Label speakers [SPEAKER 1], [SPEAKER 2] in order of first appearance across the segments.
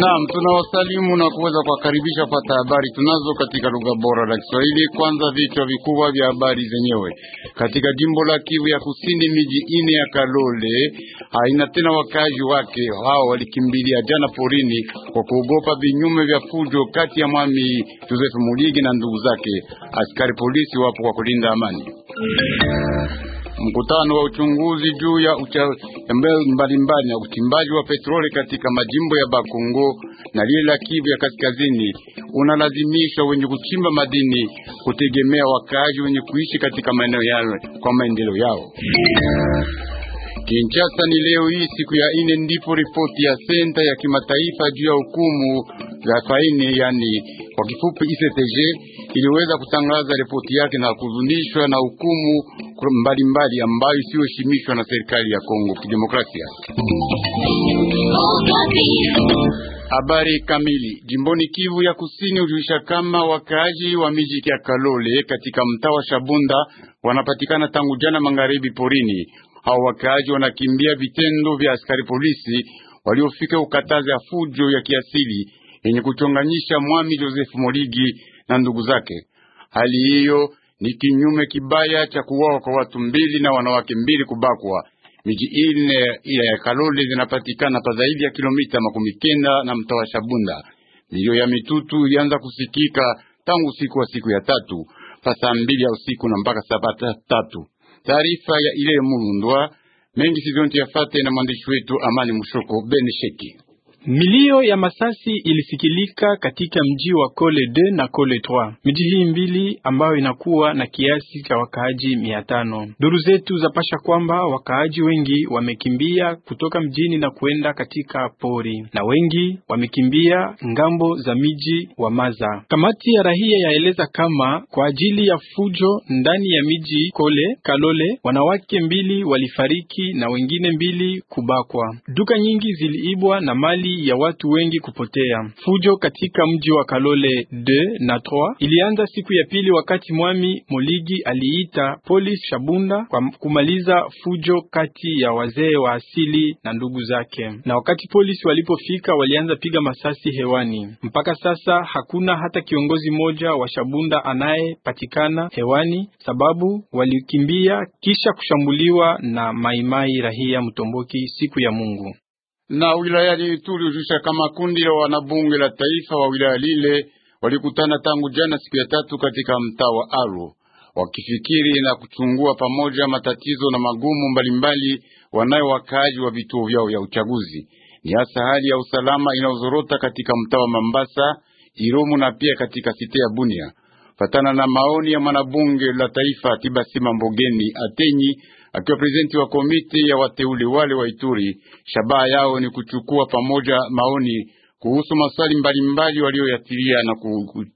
[SPEAKER 1] Naam, tunawasalimu na kuweza kuwakaribisha pata habari tunazo katika lugha bora la Kiswahili. Kwanza vichwa vikubwa vya habari zenyewe. Katika jimbo la Kivu ya Kusini, miji ine ya Kalole haina tena wakazi wake, hao walikimbilia jana porini kwa kuogopa vinyume vya fujo kati ya mwami Joseph Muligi na ndugu zake. Askari polisi wapo kwa kulinda amani. Mkutano wa uchunguzi juu ya mbalimbali ya uchimbaji wa petroli katika majimbo ya Bakongo na lile la Kivu ya kaskazini unalazimisha wenye kuchimba madini kutegemea wakaaji wenye kuishi katika maeneo yale kwa maendeleo yao. Kinshasa ni leo hii siku ya ine ndipo ripoti ya senta ya kimataifa juu ya hukumu ya faini yani kwa kifupi ICTG, iliweza kutangaza ripoti yake na kuzunishwa na hukumu mbalimbali ambayo isiyoheshimishwa na serikali ya Kongo Kidemokrasia. Habari kamili jimboni Kivu ya Kusini hujulisha kama wakaaji wa miji ya Kalole katika mtaa wa Shabunda wanapatikana tangu jana magharibi porini. Hao wakaaji wanakimbia vitendo vya askari polisi waliofika ukataza fujo ya kiasili yenye kuchonganisha Mwami Joseph Moligi na ndugu zake. Hali hiyo ni kinyume kibaya cha kuwawa kwa watu mbili na wanawake mbili kubakwa. Miji ine ya Kalole zinapatikana pa zaidi ya kilomita makumi kenda na wa Shabunda. Milio ya mitutu ilianza kusikika tangu usiku wa siku ya tatu pa saa mbili ya usiku na mpaka saa tatu. Taarifa ya ile Mulundwa mengi sivyonti yafate na mwandishi wetu Amani Mushoko Sheki. Milio ya masasi ilisikilika katika mji wa
[SPEAKER 2] Kole 2 na Kole 3, miji hii mbili ambayo inakuwa na kiasi cha wakaaji mia tano. Duru zetu zapasha kwamba wakaaji wengi wamekimbia kutoka mjini na kuenda katika pori na wengi wamekimbia ngambo za miji wa Maza. Kamati ya rahia yaeleza kama kwa ajili ya fujo ndani ya miji Kole Kalole, wanawake mbili walifariki na wengine mbili kubakwa. Duka nyingi ziliibwa na mali ya watu wengi kupotea. Fujo katika mji wa Kalole 2 na 3 ilianza siku ya pili wakati Mwami Moligi aliita polisi Shabunda kwa kumaliza fujo kati ya wazee wa asili na ndugu zake, na wakati polisi walipofika walianza piga masasi hewani. Mpaka sasa hakuna hata kiongozi mmoja wa Shabunda anayepatikana hewani, sababu walikimbia kisha kushambuliwa na maimai rahia Mtomboki siku ya Mungu
[SPEAKER 1] na wilayani Ituri huzusha kama kundi la wanabunge la taifa wa wilaya lile walikutana tangu jana siku ya tatu katika mtaa wa Aru wakifikiri na kuchungua pamoja matatizo na magumu mbalimbali wanayo wakaaji wa vituo vyao vya uchaguzi, ni hasa hali ya usalama inayozorota katika mtaa wa Mambasa, Irumu na pia katika site ya Bunia. Fatana na maoni ya mwanabunge la taifa Tibasima Mbogeni Atenyi Akiwa prezidenti wa komiti ya wateuli wale wa Ituri, shabaha yao ni kuchukua pamoja maoni kuhusu maswali mbalimbali walioyatilia na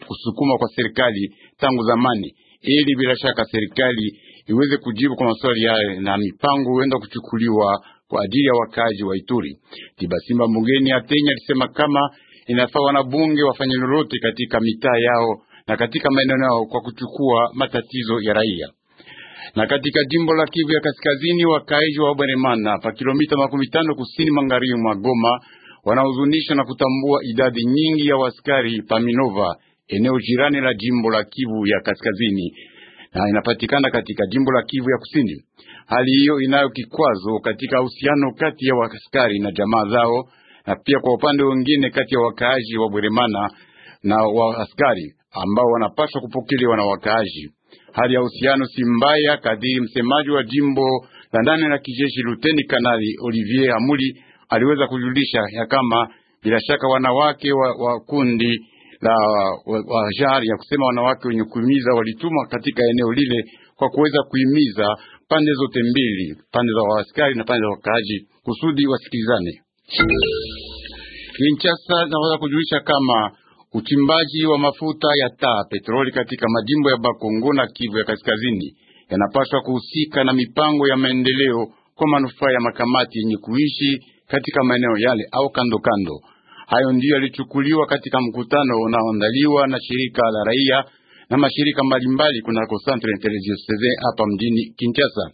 [SPEAKER 1] kusukuma kwa serikali tangu zamani, ili bila shaka serikali iweze kujibu kwa maswali hayo na mipango huenda kuchukuliwa kwa ajili ya wakazi wa Ituri. Tibasimba Mugeni Atenya alisema kama inafaa wanabunge wafanye lolote katika mitaa yao na katika maeneo yao kwa kuchukua matatizo ya raia. Na katika jimbo la Kivu ya Kaskazini, wakaaji wa Bweremana pa kilomita makumi tano kusini magharibi mwa Goma wanahuzunishwa na kutambua idadi nyingi ya waskari pa Minova, eneo jirani la jimbo la Kivu ya Kaskazini na inapatikana katika jimbo la Kivu ya Kusini. Hali hiyo inayo kikwazo katika uhusiano kati ya waskari na jamaa zao, na pia kwa upande wengine kati ya wakaaji wa Bweremana na waaskari ambao wanapaswa kupokelewa na wakaaji. Hali ya uhusiano si mbaya, kadiri msemaji wa jimbo la ndani la kijeshi Luteni Kanali Olivier Hamuli aliweza kujulisha ya kama bila shaka wanawake wa, wa kundi la wajari wa ya kusema wanawake wenye kuhimiza walitumwa katika eneo lile kwa kuweza kuhimiza pande zote mbili, pande za waaskari na pande za wakaaji, kusudi wasikilizane. Kinshasa naweza kujulisha kama Uchimbaji wa mafuta ya taa petroli katika majimbo ya Bakongo na Kivu ya Kaskazini yanapaswa kuhusika na mipango ya maendeleo kwa manufaa ya makamati yenye kuishi katika maeneo yale au kando kando. Hayo ndiyo yalichukuliwa katika mkutano unaoandaliwa na shirika la raia na mashirika mbalimbali kunako Centre Interreligieuse hapa mjini Kinshasa.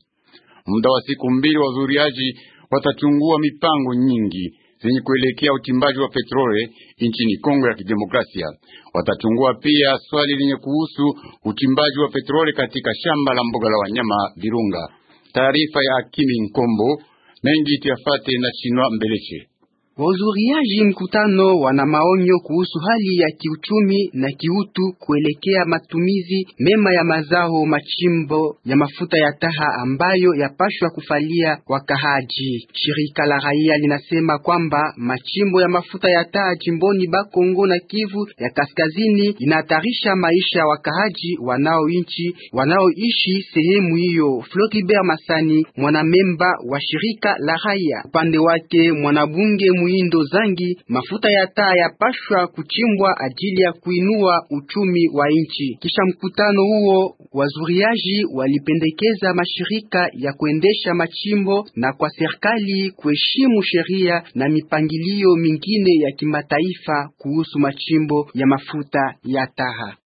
[SPEAKER 1] Muda wa siku mbili, wazuriaji watachungua mipango nyingi zenye kuelekea uchimbaji wa petrole nchini Kongo ya Kidemokrasia. Watachungua pia swali lenye kuhusu uchimbaji wa petrole katika shamba la mboga la wanyama Virunga. Taarifa ya Akimi Nkombo mengi tuyafate na Chinwa Mbeleche.
[SPEAKER 2] Wahudhuriaji mkutano wana maonyo kuhusu hali ya kiuchumi na kiutu kuelekea matumizi mema ya mazao machimbo ya mafuta ya taha ambayo yapashwa kufalia wakahaji. Shirika la raia linasema kwamba machimbo ya mafuta ya taha jimboni Bakongo na Kivu ya Kaskazini inahatarisha maisha ya wakahaji wanaoishi wanaoishi sehemu hiyo. Floribert Masani, mwanamemba wa shirika la raia, upande wake mwanabunge muindo zangi, mafuta ya taa yapashwa kuchimbwa ajili ya kuinua uchumi wa nchi. Kisha mkutano huo, wazuriaji walipendekeza mashirika ya kuendesha machimbo na kwa serikali kuheshimu sheria na mipangilio mingine ya kimataifa kuhusu machimbo ya mafuta ya taa.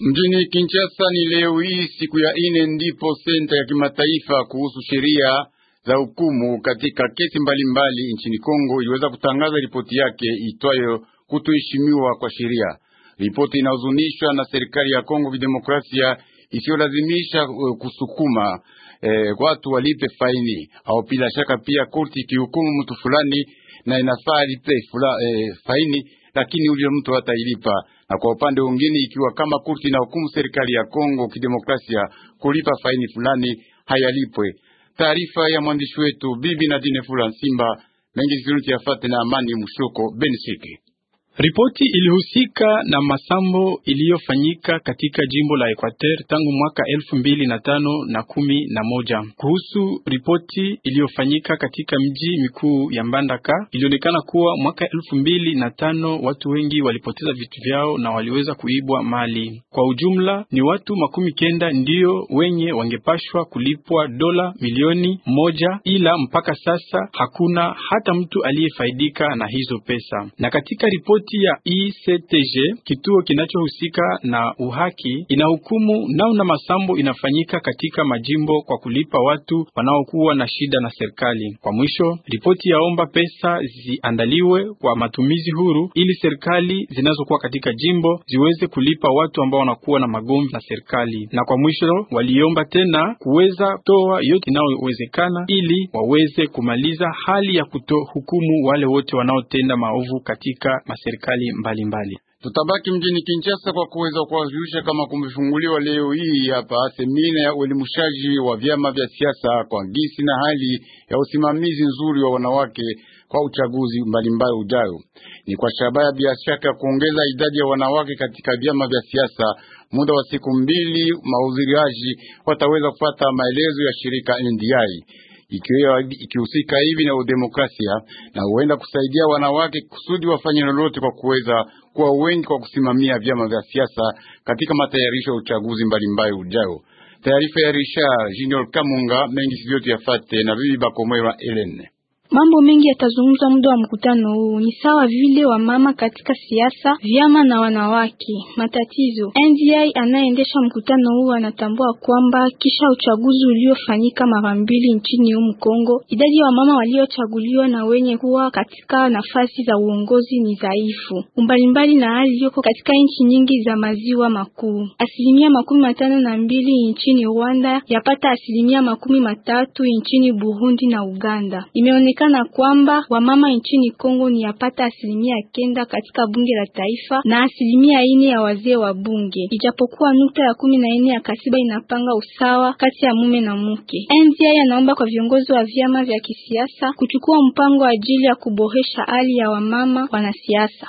[SPEAKER 1] Mjini Kinshasa ni leo hii siku ya ine ndipo senta ya kimataifa kuhusu sheria za hukumu katika kesi mbalimbali nchini Kongo iliweza kutangaza ripoti yake itwayo kutoheshimiwa kwa sheria. Ripoti inahuzunishwa na serikali ya Kongo Kidemokrasia isiyolazimisha eh, kusukuma eh, watu walipe faini au bila shaka. Pia korti ikihukumu mtu fulani na inafaa alipe fula, eh, faini, lakini ule mtu hatailipa. Na kwa upande mwingine, ikiwa kama korti inahukumu serikali ya Kongo Kidemokrasia kulipa faini fulani hayalipwe Taarifa ya mwandishi wetu Bibi Nadine Fula Nsimba mengi zirunti yafate na amani mushoko bensike
[SPEAKER 2] Ripoti ilihusika na masambo iliyofanyika katika jimbo la Equateur tangu mwaka elfu mbili na tano na kumi na moja kuhusu ripoti iliyofanyika katika mji mikuu ya Mbandaka. Ilionekana kuwa mwaka elfu mbili na tano watu wengi walipoteza vitu vyao na waliweza kuibwa mali. Kwa ujumla ni watu makumi kenda ndiyo wenye wangepashwa kulipwa dola milioni moja, ila mpaka sasa hakuna hata mtu aliyefaidika na hizo pesa. Na katika ripoti Ripoti ya ICTG, e kituo kinachohusika na uhaki, inahukumu namna masambo inafanyika katika majimbo kwa kulipa watu wanaokuwa na shida na serikali. Kwa mwisho, ripoti yaomba pesa ziandaliwe kwa matumizi huru ili serikali zinazokuwa katika jimbo ziweze kulipa watu ambao wanakuwa na magomvi na serikali. Na kwa mwisho, waliomba tena kuweza toa yote inayowezekana ili waweze kumaliza hali ya kutohukumu wale wote wanaotenda maovu katika maserikali serikali mbalimbali.
[SPEAKER 1] Tutabaki mjini Kinshasa kwa kuweza kuwajulisha kama kumefunguliwa leo hii hapa semina ya uelimushaji wa vyama vya siasa kwa gisi na hali ya usimamizi nzuri wa wanawake kwa uchaguzi mbalimbali ujayo. Ni kwa shabaha bila shaka kuongeza idadi ya wanawake katika vyama vya siasa. Muda wa siku mbili, mahudhuriaji wataweza kupata maelezo ya shirika NDI ikihusika hivi na udemokrasia na huenda kusaidia wanawake kusudi wafanye lolote kwa kuweza kuwa wengi kwa kusimamia vyama vya siasa katika matayarisho ya uchaguzi mbalimbali ujao. Taarifa ya Richard Junior Kamunga mengi si yote yafate na bibi Bakomwera Elene
[SPEAKER 2] Mambo mengi yatazungumzwa muda wa mkutano huu, ni sawa vile wamama katika siasa, vyama na wanawake. Matatizo NDI anayeendesha mkutano huu anatambua kwamba kisha uchaguzi uliofanyika mara mbili nchini humu Kongo, idadi ya wamama waliochaguliwa na wenye kuwa katika nafasi za uongozi ni dhaifu, umbalimbali na hali iliyoko katika nchi nyingi za maziwa makuu. Asilimia makumi matano na mbili nchini Rwanda, yapata asilimia makumi matatu nchini Burundi na Uganda. Imeonekana Inasemekana kwamba wamama nchini Kongo ni yapata asilimia kenda katika bunge la taifa na asilimia ine ya wazee wa bunge, ijapokuwa nukta ya kumi na ine ya katiba inapanga usawa kati ya mume na mke. NDI yanaomba kwa viongozi wa vyama vya kisiasa kuchukua mpango ajili ya kuboresha hali ya wamama wanasiasa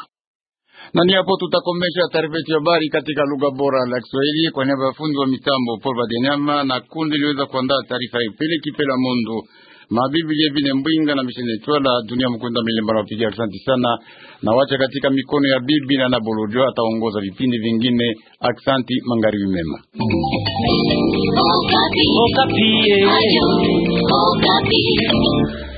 [SPEAKER 1] na ni hapo tutakomesha taarifa yetu ya habari katika lugha bora la Kiswahili kwa niaba ya fundi wa mitambo Paul Badenyama na kundi liweza kuandaa taarifa hii Pele Kipela Mundu mabiblia vile Mbwinga na misheni Twala dunia mkunda milemba na pigia. Asante sana na wacha katika mikono ya bibi na Nabolojo ataongoza vipindi vingine. Aksanti, mangaribi mema. Okapi. Okapi.